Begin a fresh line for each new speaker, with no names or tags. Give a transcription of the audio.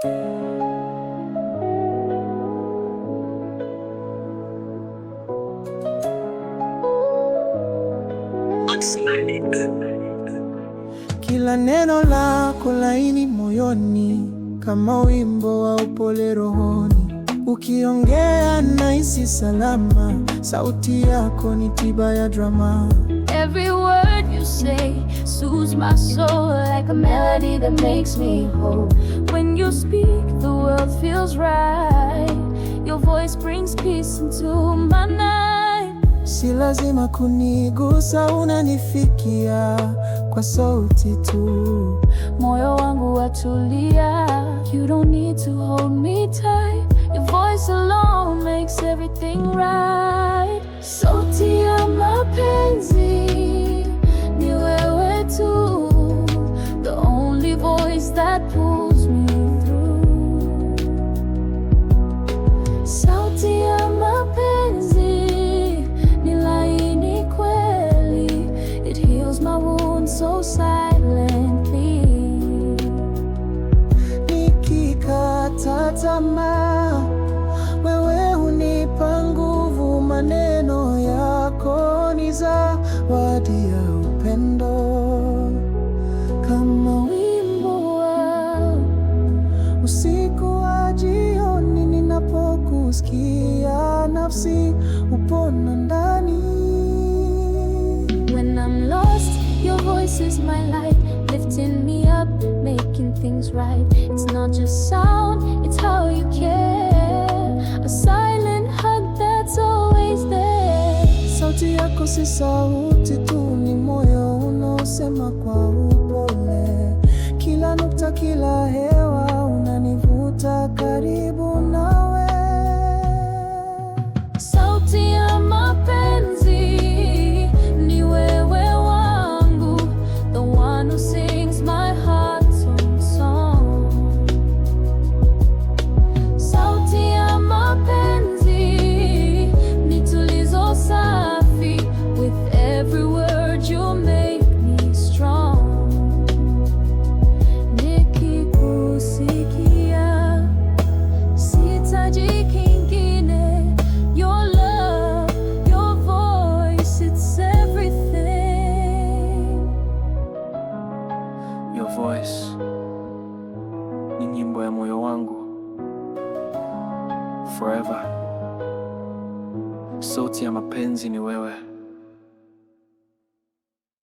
Kila
neno lako laini moyoni, kama wimbo wa upole rohoni. Ukiongea nahisi salama, sauti yako ni tiba ya drama.
Every word you say soothes my soul like a melody that makes me whole. When you speak, the world feels right. Your voice brings peace into my night.
Si lazima kunigusa, unanifikia kwa sauti tu,
moyo wangu watulia. You don't need to hold me tight. Your voice alone makes everything right. So so silently.
Nikikata tamaa, wewe hunipa nguvu, maneno yako ni zawadi ya upendo. Kama wimbo wao usiku wa jioni, ninapokusikia nafsi upona ndani
This is my life, lifting me up, making things right. It's not just sound, it's how you care. A silent hug that's always there.
Sauti yako sauti tu
ya moyo wangu forever. Sauti ya mapenzi ni wewe.